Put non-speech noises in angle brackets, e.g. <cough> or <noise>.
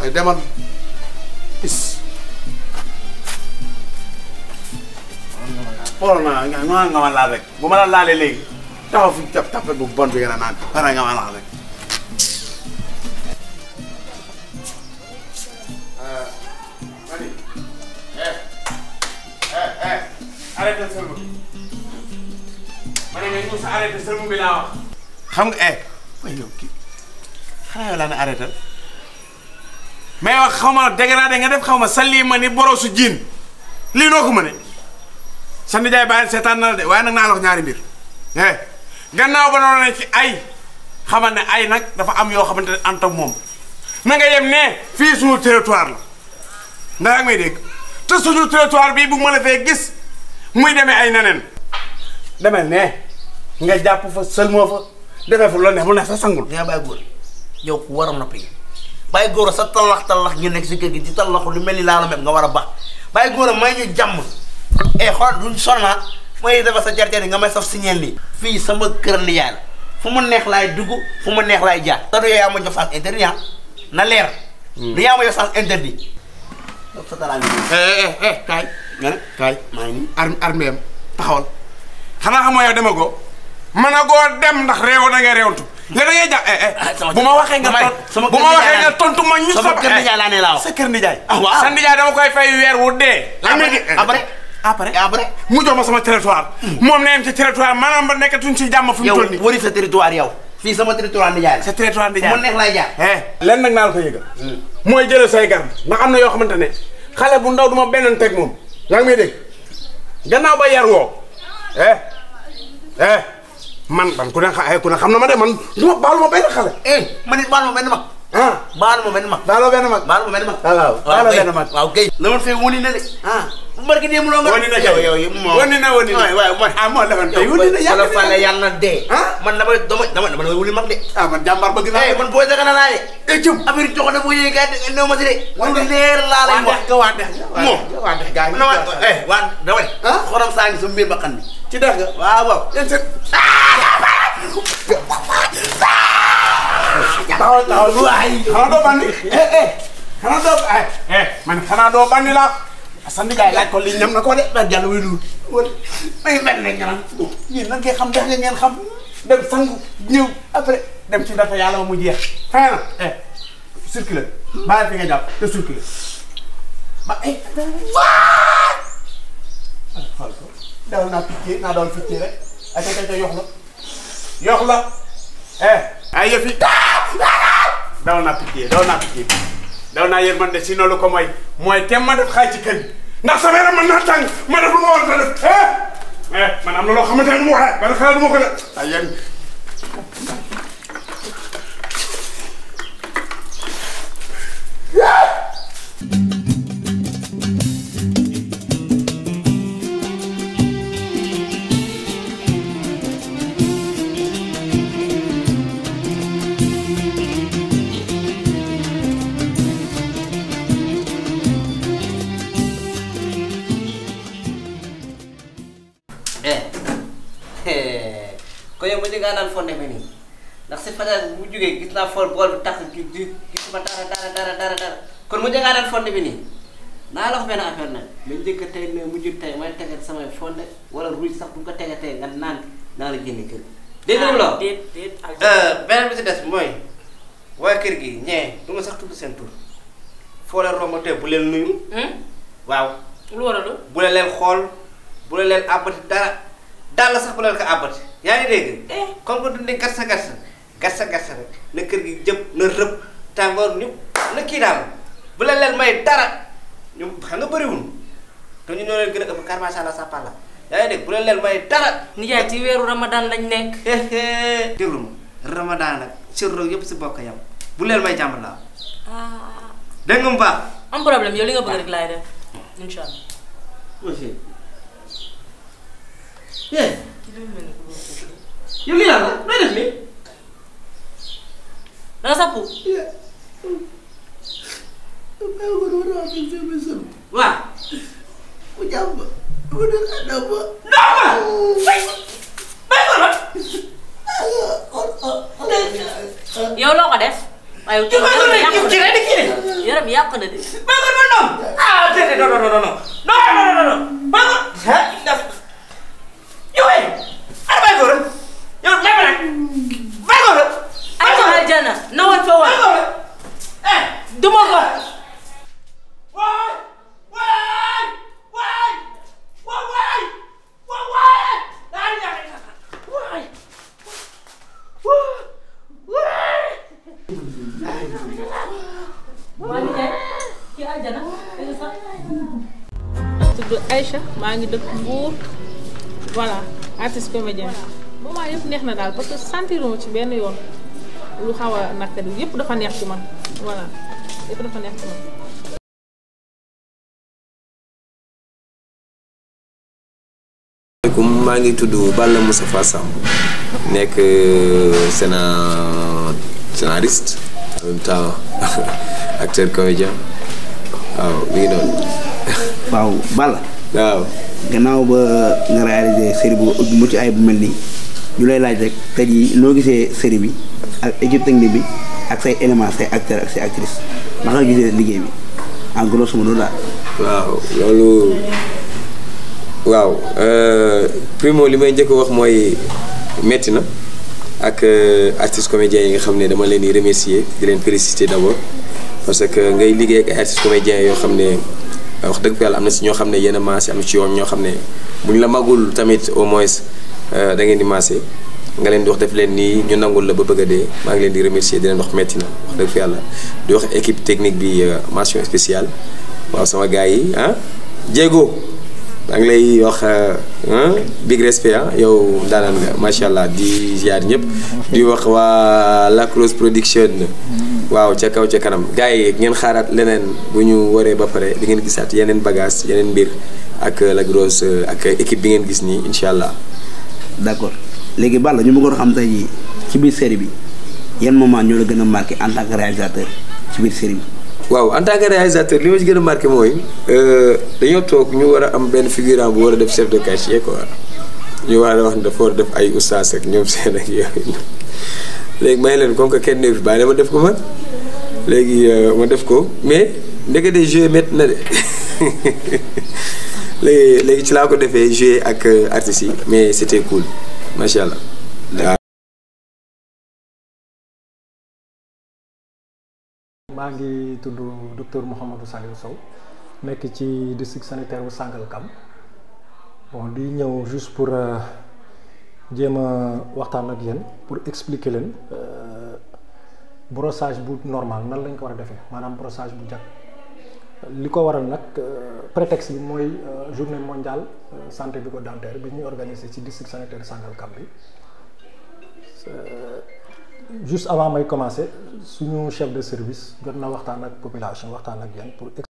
ay demal is xoolal ma nga ma laal rek bu ma la laalee léegi taxaw fi tap tapet bu bon bi nga naan xanaa nga ma laal rek eh, eh, eh. arrêté sëlmu ma ne nga ñu xam nga eh waaye yow kii xanaa yow laa ne arrêté mais wax xaw ma dégradé nga def xaw ma salli ma ni borosu jiin lii noo ko mënee sa nijaay bàyyi seetaan na la de waaye nag naa la ñaari mbir eh gannaaw ba noonu ne ci ay ne ay nag dafa am yoo xamante ne antam moom na nga yem ne fii suñu territoire la ndax may dégg te suñu territoire bii bu ma la fee gis muy demee ay neneen deme ne nga jàpp fa sëlmoo fa defee fu la neex mu neex sa sangul. yaa bàyyi góor yow ku waram noppi bay goro sa talakh talakh ñu nek ci kër gi di talakh lu melni la la mem nga wara ba bay goro may ñu jamm e eh, xol duñ sonna ah. may dafa sa jarjar nga may sa ci ni fi sama kër ni yaal fu mu neex lay dugg fu mu neex lay jaar tadu ya ma jofal sens ya na leer hmm. du ya ma jox sens interdit sa dara ni eh eh eh, eh kay ngene kay may ni arm armem taxawal xana xamoy yow demago manago dem ndax rew na nga rewtu nga da ngay ja eh eh buma ma waxee nga ton bu ma waxee nga tontu ma ñu sama eh, kër ndijaay laa ne laaw sa kër ndijaay ah waaw sa ndijaay dama koy fay weer wu dee après après après mu jox ma sama territoire moom ne ci territoire maanaam ba nekkatuñ ci jàmm fu mu toll nii yow wari sa territoire yow fii sama territoire ndijaay sa territoire ndijaay mu neex lay ya? jaar eh lenn nag naa la ko yëgal hmm. mooy jëlee say garde ndax na yoo xamante ne xale bu ndaw duma benn teg moom yaa ngi dégg gannaaw ba yar woo eh eh man man ku ne xa eh, ku ne xam na ma de man du ma baalu ma benn xale. eh ma ne baalu ma benn mag. ah baalu ma benn mag. baaloo benn mag baaloo benn mag. waaw waaw baaloo benn mag. waaw kay. na ma fee wóni ne de ah. barki dem lo nga woni na yow yow woni na woni way way man ah mo la man woni na yalla fa la yalla de man dama dama dama dama wuli mag de ah man jambar bëgg na eh, man boy daga na la de e cium affaire jox na mo yey ya, ga no ma de lu leer la lay mo ga wande mo wande ga na eh wan, da way xoram sa ngi sum bir bakkan bi ci def nga waaw waaw yeen ya, set ah, Tahu tahu lu ay. Kalau tu eh eh. Kalau tu eh eh. eh Mana kalau tu bandi lah. Assane Ndiaye laaj ko lii ñam na ko de da jàll wi dul wal may mel ne ñanam yéen lan ngay xam dex ngeen xam dem sangu ñëw après dem ci ndafa yàlla mu jeex fin eh circuler bàyyi fi nga jàpp te circuler ba eh waa xool ko daaw naa piccé naa doon piccé rek ay kay kay yox la yox la eh ay yëf yi daaw naa piccé daaw naa daw naa yërmande si loolu ko mooy mooy te ma def xaay ci kër ndax sa yaram mën naa tàng ma def lu ma war a def eh, man am na loo xamante ne mu waxee man xalaat mu ko de dara bu jógee gis naa for bool bu tax gisuma dara dara dara dara dara kon mu jëngaa daan fonde bi nii naa la ko benn affaire nag ma njëkk tey ne mujj tey may tegal samay fonde wala ruuj sax bu ko tege tey nga naan naa la génne kër dégg nga loo ah, euh, beneen bi si des mooy waa kër gi ñee du ma sax tudd seen tur foo leen romb tey bu leen nuyu hmm? waaw lu war a lu bu la leen xool bu la leen àbbati dara daal yaa ngi dégg eh. comme que dundee garsa garsa gasa gasa rek na kër gi jëm na rëb tàngoor ñu na kii daal bu leen leen may dara ñu xam nga bëriwul te ñu ñoo leen gën a ëpp kàr macha allah sàppal la yaa ngi bu leen leen may dara. nijaay ci weeru ramadan lañ nekk. <laughs> déglu ma ramadan nag sirro yëpp si bokk yam bu leen may jàmm laa. Ah. dégg mu baax. am problème yow li nga bëgg rek laay def incha allah. monsieur. Eh. yow li yàlla looy def nii. da nga sappu. waaw. mu jàpp ma. mu def a dàpp ma. dàpp ma. bay ko la. yow loo ko def. waaye yow yaram yàq na de. bay ko ma noonu. ah déedéet non non non non non non non non non waa di tudd Aïcha maa ngi dëkk Mbour voilà artiste comédien moment yëpp neex na daal parce que sentiruma ci benn yoon lu xaw a naka di yëpp dafa neex ci man voilà yëpp dafa neex ci maa ngi tudd Balla Moustapha Samb nekk euh, scénariste en même temps acteur comédien waaw mi ngi waaw Balla. waaw. gannaaw ba nga réalisé série bu mucc ay bu mel nii ñu lay laaj rek tey jii noo gisee série bi ak équipe technique bi ak say éléments say acteurs ak say actrices ndax gisee liggéey bi en grosso modo daal. waaw loolu. waaw euh, primo li may njëkk wax mooy metti na. ak euh, artistes comédiens yi nga xam ne dama leen di remercier di leen féliciter d'abord parce que ngay liggéey ak ay artistes yoo xam ne wax dëgg yàlla am na si ñoo xam ne yenn maase am si yoon ñoo xam ne bu ñu la magul tamit au moins euh, da ngeen di maase nga leen di wax def leen nii ñu nangul la ba bëgg de dee maa ngi leen di remercier di leen wax metti na wax dëgg fa yàlla di wax équipe technique bi euh, mention spéciale waaw sama gars yi ah maa lay wax euh, big respect ah yow daanaan nga macha allah di ziar ñëpp. di wax waa Lacrosse production. waaw ca kaw ca kanam gars yi ngeen xaaraat leneen bu ñu waree ba pare di ngeen gisaat yeneen bagage yeneen mbir ak Lacrosse euh, ak équipe bi ngeen gis nii incha allah. d'accord léegi Balla ñu bëggoon xam tey ci biir série bi yan moment ñoo la gën a marqué en tant que réalisateur ci biir série bi. waaw en tant que réalisateur li ma ci gën a marqué mooy euh, dañoo toog ñu war a am benn figurant bu war a def chef de cachet quoi ñu war a wax ne dafa war a def ay oustaz ak ñoom seen ak yooyu léegi may leen comme que kenn néew fi bàyyi ma def ko man léegi euh, ma def ko mais ndekete jeu métti na de <laughs> léegi léegi ci laa ko defee jouer ak euh, artistes yi mais c'était cool macha allah. maa ngi tudd docteur mohamadou Saliou Sow nekk ci district sanitaire bu kam bon di ñëw juste pour euh, jéem a waxtaan ak yéen pour expliquer leen euh, brossage bu normal nan lañ ko war a defee maanaam brossage bu jag li ko waral nag euh, prétexte bi mooy journée mondiale santé bucco-dentaire bi ñuy organiser ci district sanitaire kam bi. juste avant de commencer nos chef de service nous vais waxtaan ak population ak pour